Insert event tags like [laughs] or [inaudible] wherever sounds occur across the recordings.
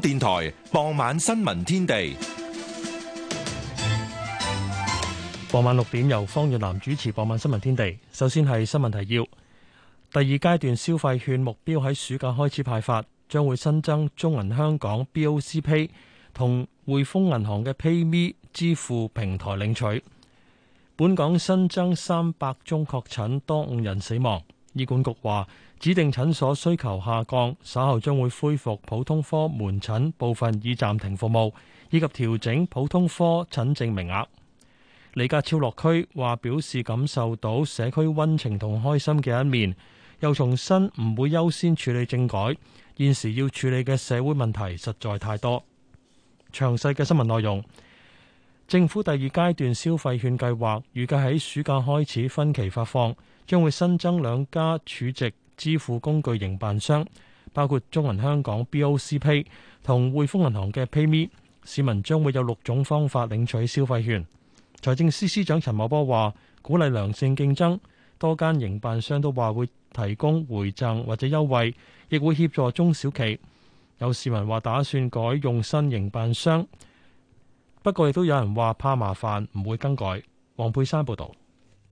電台傍，傍晚新聞天地，傍晚六點由方月南主持。傍晚新聞天地，首先係新聞提要。第二階段消費券目標喺暑假開始派發，將會新增中銀香港、BOC Pay 同滙豐銀行嘅 PayMe 支付平台領取。本港新增三百宗確診，多五人死亡。醫管局話。指定診所需求下降，稍後將會恢復普通科門診部分已暫停服務，以及調整普通科診症名額。李家超落區話，表示感受到社區溫情同開心嘅一面，又重申唔會優先處理政改，現時要處理嘅社會問題實在太多。詳細嘅新聞內容，政府第二階段消費券計劃預計喺暑假開始分期發放，將會新增兩家儲值。支付工具營辦商包括中銀香港、BOC Pay 同匯豐銀行嘅 PayMe，市民將會有六種方法領取消費券。財政司司長陳茂波話：鼓勵良性競爭，多間營辦商都話會提供回贈或者優惠，亦會協助中小企。有市民話打算改用新營辦商，不過亦都有人話怕麻煩，唔會更改。黃佩珊報導。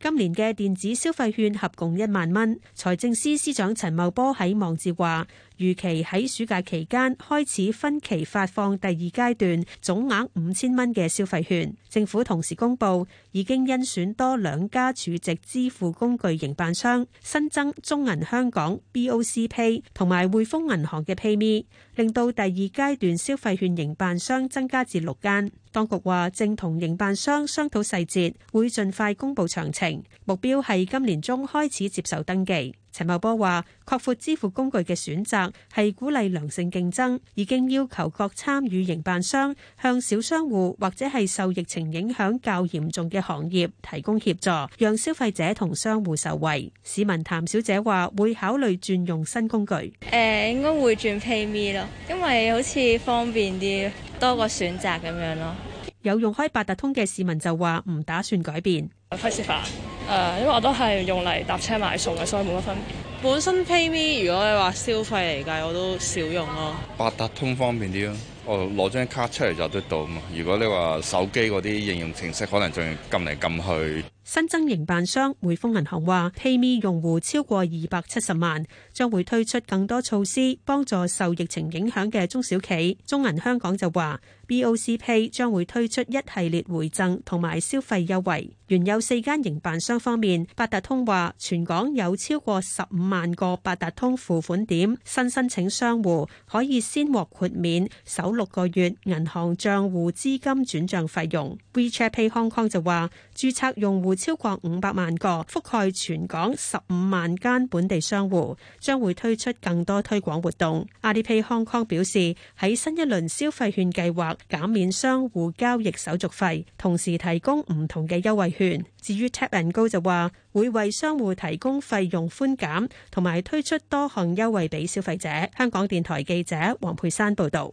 今年嘅電子消費券合共一萬蚊，財政司司長陳茂波喺網誌話，預期喺暑假期間開始分期發放第二階段總額五千蚊嘅消費券。政府同時公布已經甄選多兩家儲值支付工具營辦商，新增中銀香港、BoC Pay 同埋匯豐銀行嘅 PayMe，令到第二階段消費券營辦商增加至六間。當局話正同營辦商商討細節，會盡快公佈詳情，目標係今年中開始接受登記。陳茂波話，擴闊支付工具嘅選擇係鼓勵良性競爭，已經要求各參與營辦商向小商戶或者係受疫情影響較嚴重嘅行業提供協助，讓消費者同商戶受惠。市民譚小姐話，會考慮轉用新工具，誒、呃，應該會轉 PayMe 咯，因為好似方便啲，多個選擇咁樣咯。有用開八達通嘅市民就話唔打算改變。嗯誒，uh, 因為我都係用嚟搭車買餸嘅，所以冇乜分別。本身 PayMe 如果你話消費嚟㗎，我都少用咯，啊。八達通方便啲咯，我攞張卡出嚟就得到嘛。如果你話手機嗰啲應用程式，可能仲要撳嚟撳去。新增營辦商匯豐銀行話，PayMe 用戶超過二百七十萬，將會推出更多措施幫助受疫情影響嘅中小企。中銀香港就話 BoC Pay 將會推出一系列回贈同埋消費優惠。原有四間營辦商方面，八達通話全港有超過十五萬個八達通付款點，新申請商戶可以先獲豁免首六個月銀行帳戶資金轉賬費用。WeChat Pay Hong Kong 就話，註冊用戶超過五百萬個，覆蓋全港十五萬間本地商戶，將會推出更多推廣活動。AlipayHK 表示，喺新一輪消費券計劃減免商戶交易手續費，同時提供唔同嘅優惠券。至於 Tap & Go 就話會為商戶提供費用寬減，同埋推出多項優惠俾消費者。香港電台記者黃佩珊報道，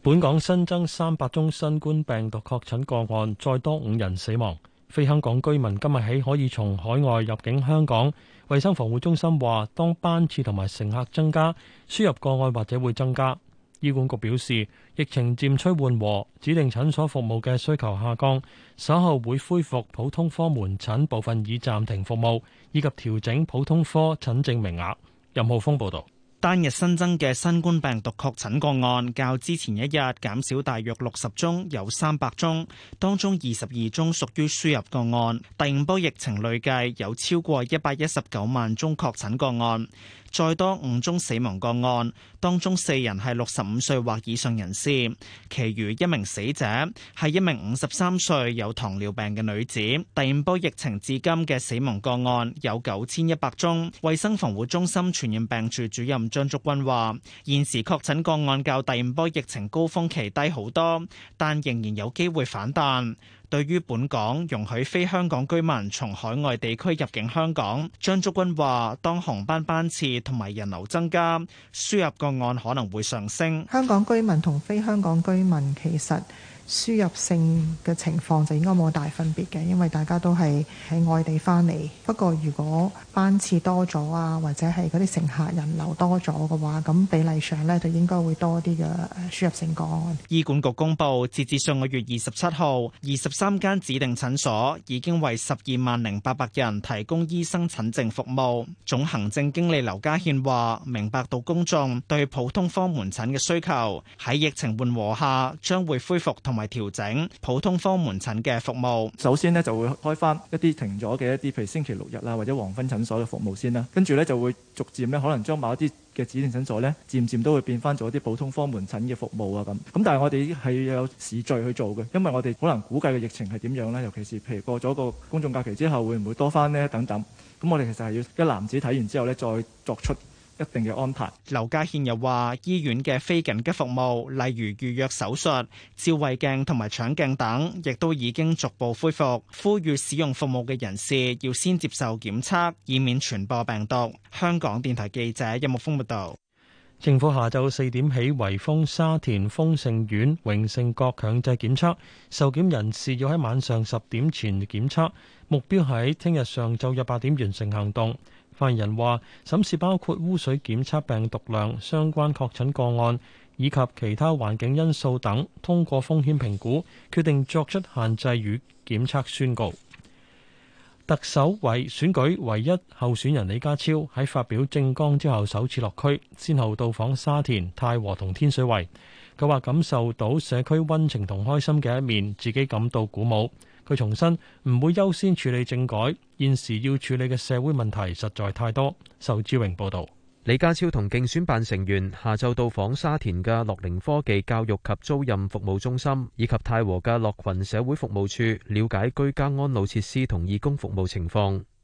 本港新增三百宗新冠病毒確診個案，再多五人死亡。非香港居民今日起可以從海外入境香港。衛生防護中心話，當班次同埋乘客增加，輸入個案或者會增加。醫管局表示，疫情漸趨緩和，指定診所服務嘅需求下降，稍後會恢復普通科門診部分已暫停服務，以及調整普通科診症名額。任浩峰報道。單日新增嘅新冠病毒確診個案較之前一日減少大約六十宗，有三百宗，當中二十二宗屬於輸入個案。第五波疫情累計有超過一百一十九萬宗確診個案。再多五宗死亡個案，當中四人係六十五歲或以上人士，其餘一名死者係一名五十三歲有糖尿病嘅女子。第五波疫情至今嘅死亡個案有九千一百宗。衛生防護中心傳染病處主任張竹君話，現時確診個案較第五波疫情高峰期低好多，但仍然有機會反彈。對於本港容許非香港居民從海外地區入境香港，張竹君話：當航班班次同埋人流增加，輸入個案可能會上升。香港居民同非香港居民其實……輸入性嘅情況就應該冇大分別嘅，因為大家都係喺外地翻嚟。不過如果班次多咗啊，或者係嗰啲乘客人流多咗嘅話，咁比例上呢，就應該會多啲嘅輸入性個案。醫管局公布，截至上個月二十七號，二十三間指定診所已經為十二萬零八百人提供醫生診症服務。總行政經理劉家獻話：明白到公眾對普通科門診嘅需求喺疫情緩和下，將會恢復同。同埋調整普通科門診嘅服務，首先呢就會開翻一啲停咗嘅一啲，譬如星期六日啦，或者黃昏診所嘅服務先啦。跟住咧就會逐漸咧，可能將某一啲嘅指定診所咧，漸漸都會變翻做一啲普通科門診嘅服務啊咁。咁但係我哋係要有時序去做嘅，因為我哋可能估計嘅疫情係點樣咧？尤其是譬如過咗個公眾假期之後，會唔會多翻呢？等等。咁我哋其實係要一籃子睇完之後咧，再作出。一定要安排。劉家憲又話：醫院嘅非緊急服務，例如預約手術、照胃鏡同埋腸鏡等，亦都已經逐步恢復。呼籲使用服務嘅人士要先接受檢測，以免傳播病毒。香港電台記者任木峰報道。政府下晝四點起，圍封沙田豐盛苑、榮盛閣強制檢測，受檢人士要喺晚上十點前檢測，目標喺聽日上晝約八點完成行動。犯人話：審視包括污水檢測病毒量、相關確診個案以及其他環境因素等，通過風險評估，決定作出限制與檢測宣告。特首為選舉唯一候選人李家超喺發表政綱之後首次落區，先後到訪沙田、太和同天水圍。佢話感受到社區溫情同開心嘅一面，自己感到鼓舞。佢重申唔會優先處理政改，現時要處理嘅社會問題實在太多。仇志榮報道，李家超同競選辦成員下晝到訪沙田嘅樂齡科技教育及租賃服務中心，以及太和嘅樂群社會服務處了解居家安老設施同義工服務情況。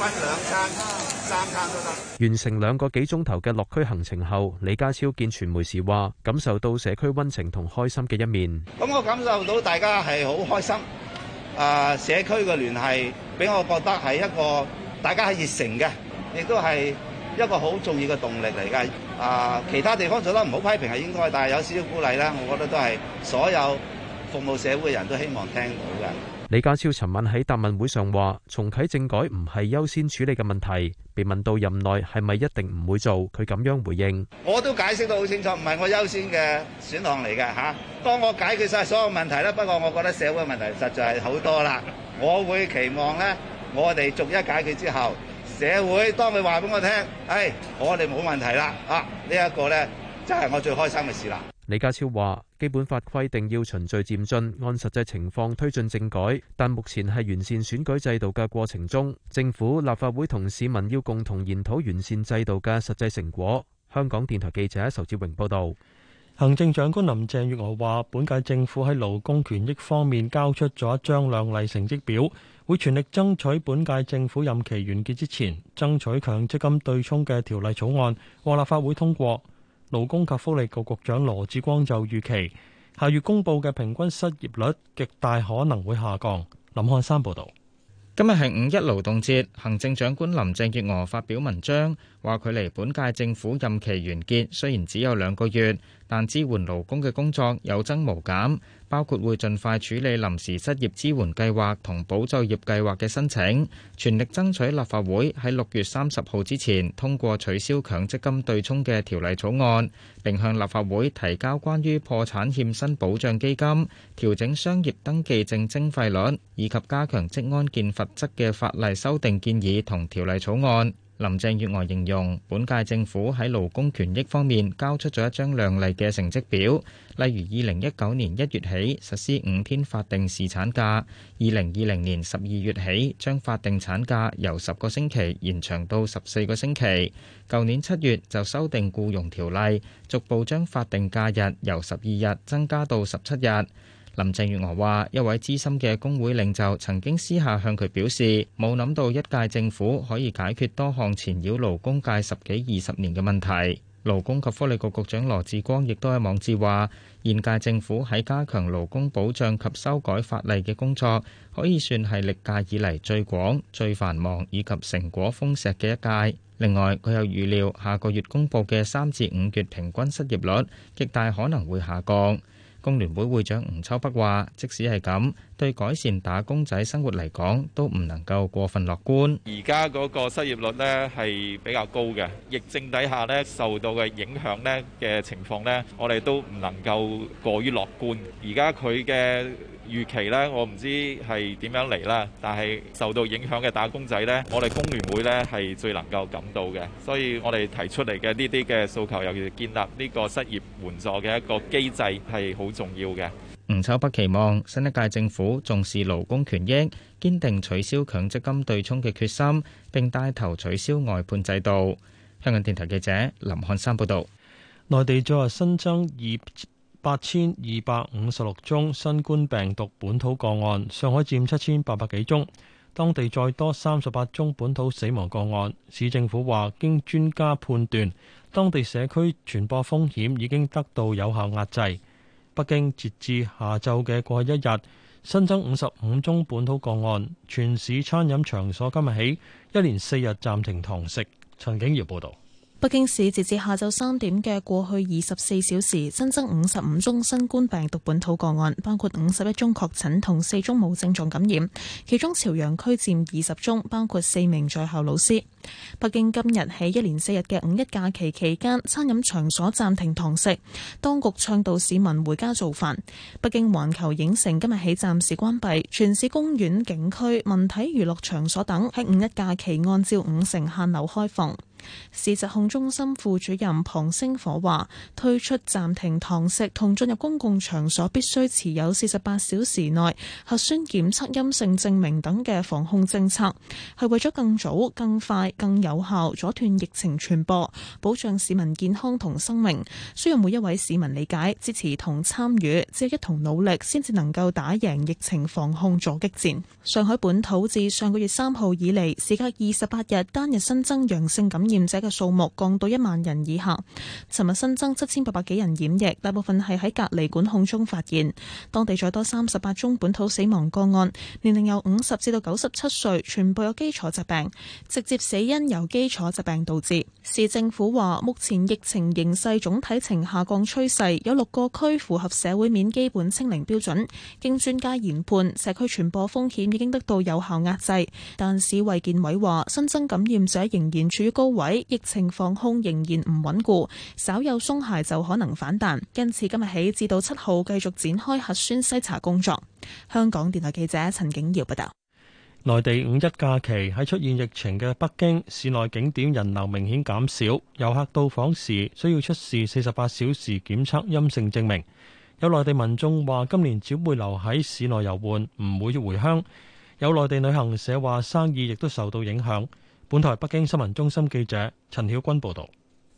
分兩間、三間都得。完成兩個幾鐘頭嘅落區行程後，李家超見傳媒時話：感受到社區溫情同開心嘅一面。咁我感受到大家係好開心，啊，社區嘅聯繫俾我覺得係一個大家係熱誠嘅，亦都係一個好重要嘅動力嚟嘅。啊，其他地方做得唔好批評係應該，但係有少少鼓勵啦，我覺得都係所有服務社會嘅人都希望聽到嘅。李家超尋晚喺答問會上話，重啟政改唔係優先處理嘅問題。被問到任內係咪一定唔會做，佢咁樣回應：我都解釋得好清楚，唔係我優先嘅選項嚟嘅吓。當我解決晒所有問題啦，不過我覺得社會嘅問題實在係好多啦。我會期望咧，我哋逐一解決之後，社會當佢話俾我聽，誒、哎，我哋冇問題啦，吓，啊這個，呢一個咧，就係，是，我最開心嘅事啦。李家超話：基本法規定要循序漸進，按實際情況推進政改，但目前係完善選舉制度嘅過程中，政府、立法會同市民要共同研討完善制度嘅實際成果。香港電台記者仇志榮報道。行政長官林鄭月娥話：本屆政府喺勞工權益方面交出咗一張亮麗成績表，會全力爭取本屆政府任期完結之前，爭取強積金對沖嘅條例草案獲立法會通過。勞工及福利局局長羅致光就預期，下月公布嘅平均失業率極大可能會下降。林漢山報道。今日係五一勞動節，行政長官林鄭月娥發表文章。話距離本屆政府任期完結雖然只有兩個月，但支援勞工嘅工作有增無減，包括會盡快處理臨時失業支援計劃同保就業計劃嘅申請，全力爭取立法會喺六月三十號之前通過取消強積金對沖嘅條例草案，並向立法會提交關於破產欠薪保障基金調整商業登記證徵，徵費率以及加強職安健罰則嘅法例修訂建議同條例草案。林鄭月娥形容，本屆政府喺勞工權益方面交出咗一張亮麗嘅成績表，例如二零一九年一月起實施五天法定侍產假，二零二零年十二月起將法定產假由十個星期延長到十四個星期，舊年七月就修訂僱傭條例，逐步將法定假日由十二日增加到十七日。林鄭月娥話一位資深嘅工會領袖曾經私下向佢表示，冇諗到一屆政府可以解決多項纏繞勞工界十幾二十年嘅問題。勞工及福利局局長羅志光亦都喺網誌話，現屆政府喺加強勞工保障及修改法例嘅工作，可以算係歷屆以嚟最廣、最繁忙以及成果豐碩嘅一屆，另外，佢又預料下個月公布嘅三至五月平均失業率極大可能會下降。工聯會會長吳秋北話：即使係咁。對改善打工仔生活嚟講，都唔能夠過分樂觀。而家嗰個失業率呢係比較高嘅，疫症底下呢受到嘅影響呢嘅情況呢，我哋都唔能夠過於樂觀。而家佢嘅預期呢，我唔知係點樣嚟啦。但係受到影響嘅打工仔呢，我哋工聯會呢係最能夠感到嘅。所以我哋提出嚟嘅呢啲嘅訴求，尤其是建立呢個失業援助嘅一個機制，係好重要嘅。吳秋北期望新一屆政府重視勞工權益，堅定取消強積金對沖嘅決心，並帶頭取消外判制度。香港電台記者林漢山報道。內地昨日新增二萬八千二百五十六宗新冠病毒本土個案，上海佔七千八百幾宗，當地再多三十八宗本土死亡個案。市政府話，經專家判斷，當地社區傳播風險已經得到有效壓制。北京截至下晝嘅過去一日，新增五十五宗本土個案。全市餐飲場所今日起一連四日暫停堂食。陳景耀報導。北京市截至下晝三點嘅過去二十四小時新增五十五宗新冠病毒本土個案，包括五十一宗確診同四宗無症狀感染，其中朝陽區佔二十宗，包括四名在校老師。北京今日喺一連四日嘅五一假期期間，餐飲場所暫停堂食，當局倡導市民回家做飯。北京環球影城今日起暫時關閉，全市公園、景區、文體娛樂場所等喺五一假期按照五成限流開放。市疾控中心副主任龐星火話：推出暫停堂食同進入公共場所必須持有四十八小時內核酸檢測陰性證明等嘅防控政策，係為咗更早、更快、更有效阻斷疫情傳播，保障市民健康同生命，需要每一位市民理解、支持同參與，只有一同努力，先至能夠打贏疫情防控阻擊戰。上海本土自上個月三號以嚟，時隔二十八日單日新增陽性感染。感染者嘅數目降到一萬人以下。尋日新增七千八百幾人染疫，大部分係喺隔離管控中發現。當地再多三十八宗本土死亡個案，年齡由五十至到九十七歲，全部有基礎疾病，直接死因由基礎疾病導致。市政府話，目前疫情形勢總體呈下降趨勢，有六個區符合社會面基本清零標準。經專家研判，社區傳播風險已經得到有效壓制。但市衛健委話，新增感染者仍然處於高位。疫情防控仍然唔穩固，稍有鬆懈就可能反彈，因此今日起至到七號繼續展開核酸篩查工作。香港電台記者陳景瑤報道。內地五一假期喺出現疫情嘅北京市內景點，人流明顯減少，遊客到訪時需要出示四十八小時檢測陰性證明。有內地民眾話，今年只會留喺市內遊玩，唔會回鄉。有內地旅行社話，生意亦都受到影響。本台北京新聞中心記者陳曉君報道。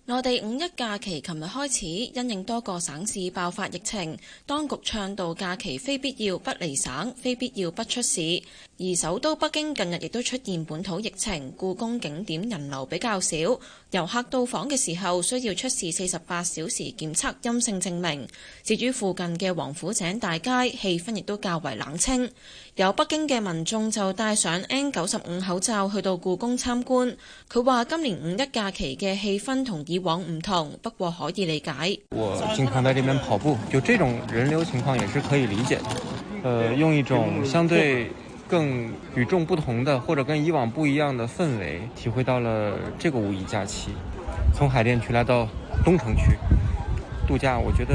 內地五一假期琴日開始，因應多個省市爆發疫情，當局倡導假期非必要不離省、非必要不出市。而首都北京近日亦都出現本土疫情，故宮景點人流比較少，遊客到訪嘅時候需要出示四十八小時檢測陰性證明。至於附近嘅王府井大街，氣氛亦都較為冷清。有北京嘅民眾就戴上 N 九十五口罩去到故宮參觀，佢話今年五一假期嘅氣氛同。以往不同，不過可以理解。我經常在這邊跑步，就這種人流情況也是可以理解的。呃，用一種相對更與眾不同的或者跟以往不一樣的氛圍，體會到了這個五一假期，從海淀區來到東城區度假，我覺得。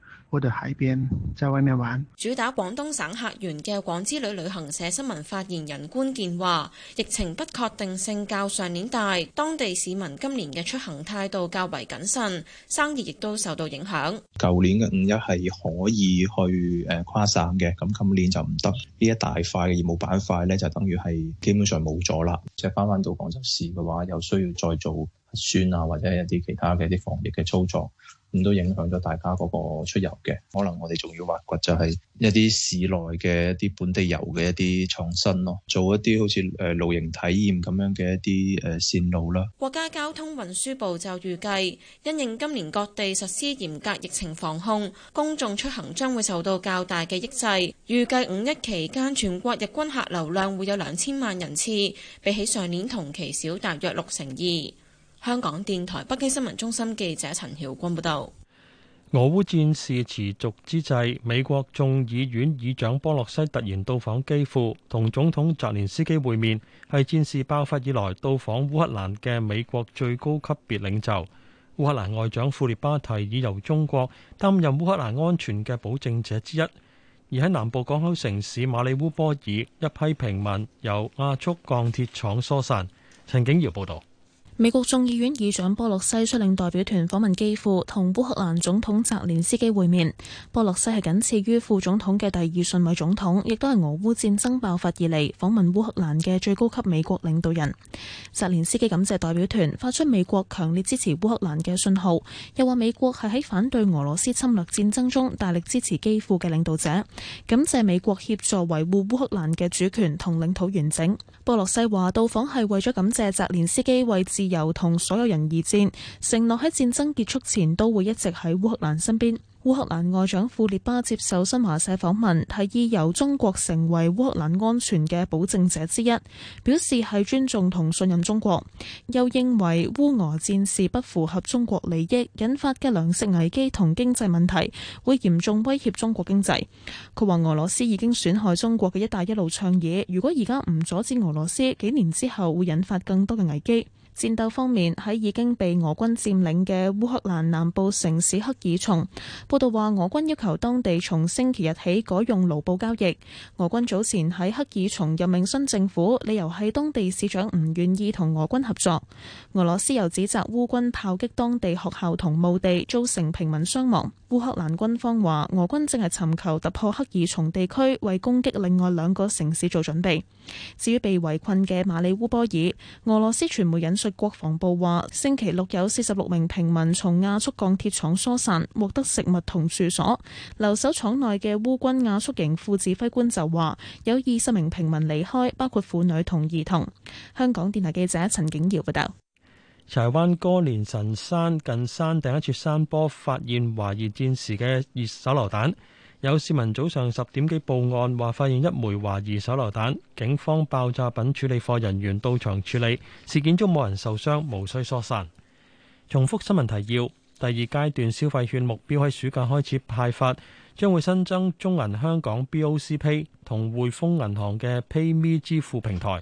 嗰度喺邊？即係咩玩？主打廣東省客源嘅廣之旅旅行社新聞發言人官健話：疫情不確定性較上年大，當地市民今年嘅出行態度較為謹慎，生意亦都受到影響。舊年嘅五一係可以去誒跨省嘅，咁今年就唔得。呢一大塊嘅業務板塊咧，就等於係基本上冇咗啦。即係翻翻到廣州市嘅話，又需要再做核酸啊，或者一啲其他嘅一啲防疫嘅操作。咁都影響咗大家嗰個出遊嘅，可能我哋仲要挖掘就係一啲市內嘅一啲本地遊嘅一啲創新咯，做一啲好似誒露營體驗咁樣嘅一啲誒線路啦。國家交通運輸部就預計，因應今年各地實施嚴格疫情防控，公眾出行將會受到較大嘅抑制。預計五一期間全國日均客流量會有兩千萬人次，比起上年同期少大約六成二。香港電台北京新聞中心記者陳曉君報道：俄烏戰事持續之際，美國眾議院議長波洛西突然到訪基輔，同總統澤連斯基會面，係戰事爆發以來到訪烏克蘭嘅美國最高級別領袖。烏克蘭外長庫列巴提已由中國擔任烏克蘭安全嘅保證者之一。而喺南部港口城市馬里烏波爾，一批平民由亞速鋼鐵廠疏散。陳景堯報道。美國眾議院議長波洛西率領代表團訪問基輔，同烏克蘭總統澤連斯基會面。波洛西係僅次於副總統嘅第二順位總統，亦都係俄烏戰爭爆發以嚟訪問烏克蘭嘅最高級美國領導人。澤連斯基感謝代表團，發出美國強烈支持烏克蘭嘅信號，又話美國係喺反對俄羅斯侵略戰爭中大力支持基輔嘅領導者，感謝美國協助維護烏克蘭嘅主權同領土完整。波洛西話到訪係為咗感謝澤連斯基為自由同所有人而戰，承諾喺戰爭結束前都會一直喺烏克蘭身邊。烏克蘭外長庫列巴接受新華社訪問，提議由中國成為烏克蘭安全嘅保證者之一，表示係尊重同信任中國。又認為烏俄戰事不符合中國利益，引發嘅糧食危機同經濟問題會嚴重威脅中國經濟。佢話俄羅斯已經損害中國嘅一帶一路倡議，如果而家唔阻止俄羅斯，幾年之後會引發更多嘅危機。戰鬥方面，喺已經被俄軍佔領嘅烏克蘭南部城市克爾松，報道話俄軍要求當地從星期日起改用盧布交易。俄軍早前喺克爾松任命新政府，理由係當地市長唔願意同俄軍合作。俄羅斯又指責烏軍炮擊當地學校同墓地，造成平民傷亡。烏克蘭軍方話，俄軍正係尋求突破克爾松地區，為攻擊另外兩個城市做準備。至於被圍困嘅馬里烏波爾，俄羅斯傳媒引述國防部話，星期六有四十六名平民從亞速鋼鐵廠疏散，獲得食物同住所。留守廠內嘅烏軍亞速營副指揮官就話，有二十名平民離開，包括婦女同兒童。香港電台記者陳景堯報道。柴灣哥連臣山近山頂一處山坡發現懷疑戰時嘅二手榴彈，有市民早上十點幾報案話發現一枚懷疑手榴彈，警方爆炸品處理課人員到場處理，事件中冇人受傷，無需疏散。重複新聞提要：第二階段消費券目標喺暑假開始派發，將會新增中銀香港 BoC Pay 同匯豐銀行嘅 PayMe 支付平台。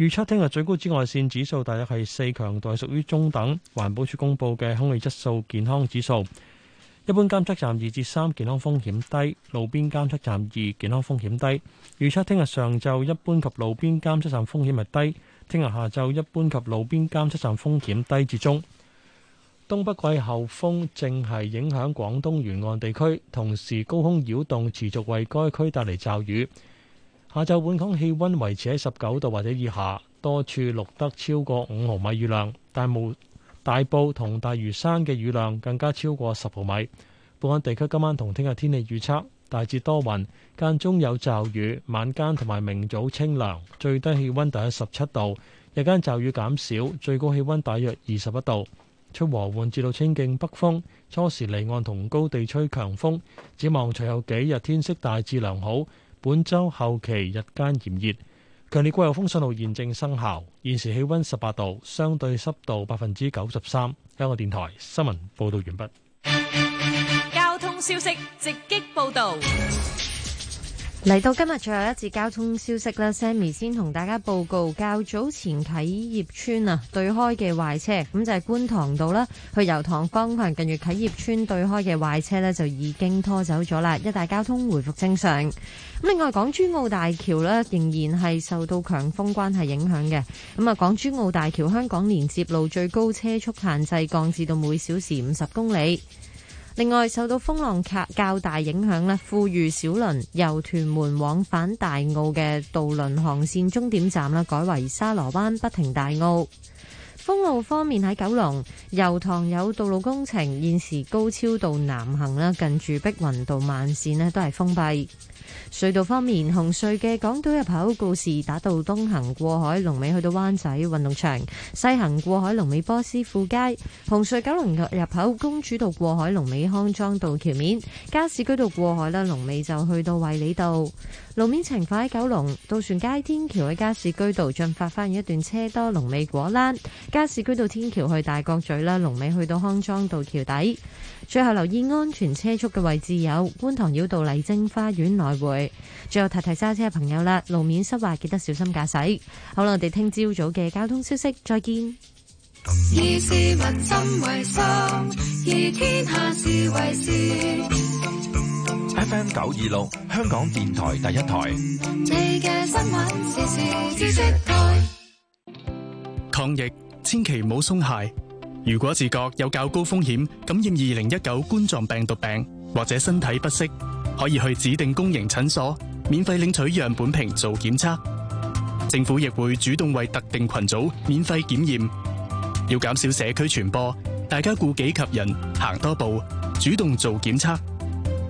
預測聽日最高紫外線指數大約係四，強度屬於中等。環保署公布嘅空氣質素健康指數，一般監測站二至三，健康風險低；路邊監測站二，健康風險低。預測聽日上晝一般及路邊監測站風險係低，聽日下晝一般及路邊監測站風險低至中。東北季候風正係影響廣東沿岸地區，同時高空擾動持續為該區帶嚟驟雨。下晝本港氣溫維持喺十九度或者以下，多處錄得超過五毫米雨量，大霧、大埔同大嶼山嘅雨量更加超過十毫米。本港地區今晚同聽日天氣預測大致多雲，間中有驟雨，晚間同埋明早清涼，最低氣溫大約十七度，日間驟雨減少，最高氣溫大約二十一度，吹和緩至到清勁北風，初時離岸同高地吹強風。展望隨後幾日天色大致良好。本周後期日間炎熱，強烈季候風信號現正生效。現時氣温十八度，相對濕度百分之九十三。香港電台新聞報道完畢。 [music] 交通消息，直擊報道。嚟到今日最後一節交通消息啦，Sammy 先同大家報告，較早前啟業村啊對開嘅壞車，咁就係觀塘道啦，去油塘方向近住啟業村對開嘅壞車呢，就已經拖走咗啦，一帶交通回復正常。咁另外港珠澳大橋呢，仍然係受到強風關係影響嘅，咁啊港珠澳大橋香港連接路最高車速限制降至到每小時五十公里。另外，受到風浪較較大影響呢，富裕小輪由屯門往返大澳嘅渡輪航線終點站呢，改為沙螺灣，不停大澳。封路方面，喺九龍油塘有道路工程，現時高超道南行啦，近住碧雲道慢線呢都係封閉。隧道方面，紅隧嘅港島入口告士打道東行過海，龍尾去到灣仔運動場；西行過海，龍尾波斯富街。紅隧九龍入口公主道過海，龍尾康莊道橋面；加士居道過海咧，龍尾就去到衛理道。路面情況喺九龍渡船街天橋喺加士居道進發翻一段車多龍尾果欄，加士居道天橋去大角咀啦，龍尾去到康莊道橋底。最後留意安全車速嘅位置有觀塘繞道麗晶花園來回。最後提提揸車嘅朋友啦，路面濕滑，記得小心駕駛。好啦，我哋聽朝早嘅交通消息，再見。以市民心為心，以天下事為事。FM 九二六香港電台第一台。抗疫千祈唔好鬆懈。如果自覺有較高風險感染二零一九冠狀病毒病，或者身體不適，可以去指定公營診所免費領取樣本瓶做檢測。政府亦會主動為特定群組免費檢驗。要減少社區傳播，大家顧己及人，行多步，主動做檢測。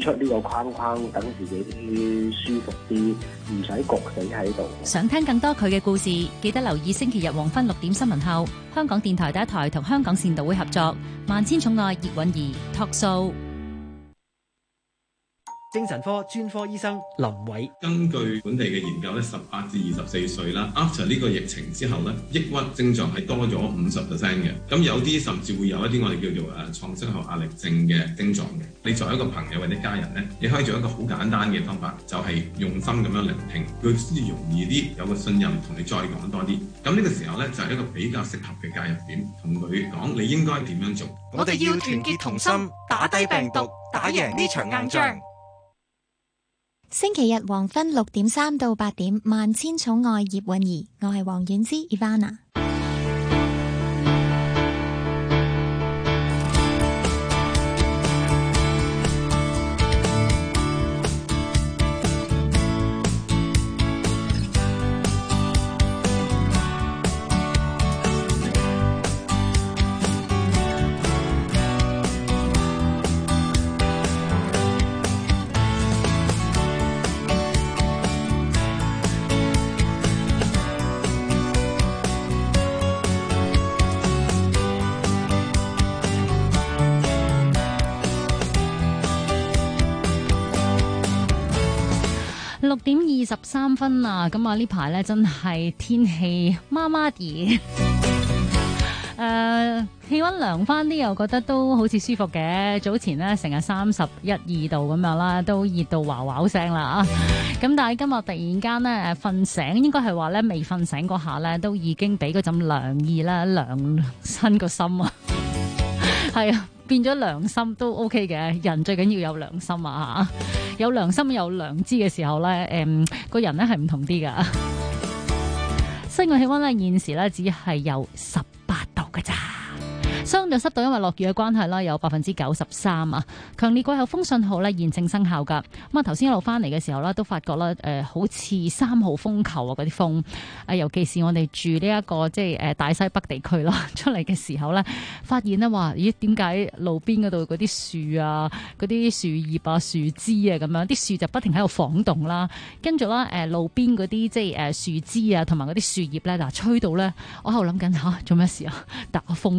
跳出呢個框框，等自己舒服啲，唔使焗死喺度。想聽更多佢嘅故事，記得留意星期日黃昏六點新聞後，香港電台第一台同香港善道會合作《萬千寵愛》葉韻儀 Talk Show。精神科專科醫生林偉，根據本地嘅研究咧，十八至二十四歲啦，after 呢個疫情之後咧，抑鬱症狀係多咗五十 percent 嘅。咁有啲甚至會有一啲我哋叫做誒創傷後壓力症嘅症狀嘅。你作為一個朋友或者家人咧，你可以做一個好簡單嘅方法，就係用心咁樣聆聽，佢先容易啲，有個信任同你再講多啲。咁呢個時候咧就係一個比較適合嘅介入點，同佢講你應該點樣做。我哋要團結同心，打低病毒，打贏呢場硬仗。星期日黃昏六點三到八點，萬千寵愛葉韻兒。我係王菀之，Ivana。六、 [laughs] uh, 點二十三分啊！咁啊呢排咧真係天氣嘛嘛地，誒氣溫涼翻啲，又覺得都好似舒服嘅。早前咧成日三十一二度咁樣啦，都熱到嘩嘩聲啦啊！咁 [laughs] 但係今日突然間咧誒瞓醒，應該係話咧未瞓醒嗰下咧，都已經俾嗰陣涼意啦，涼身個心， [laughs] [laughs] 心、OK、心啊！係啊，變咗良心都 OK 嘅，人最緊要有良心啊！吓。有良心有良知嘅時候咧，誒、呃，個人咧係唔同啲㗎。室外氣溫咧現時咧只係有十。相對濕度因為落雨嘅關係啦，有百分之九十三啊。強烈季候風信號咧現正生效噶。咁啊，頭先一路返嚟嘅時候咧，都發覺啦，誒、呃，好似三號風球啊，嗰啲風啊、呃，尤其是我哋住呢、這、一個即係誒大西北地區啦，出嚟嘅時候咧，發現咧話咦點解路邊嗰度嗰啲樹啊、嗰啲樹葉啊、樹枝啊咁、啊、樣啲樹就不停喺度晃動啦，跟住咧誒路邊嗰啲即係誒樹枝啊同埋嗰啲樹葉咧嗱吹到咧，我喺度諗緊吓做咩事啊？大風！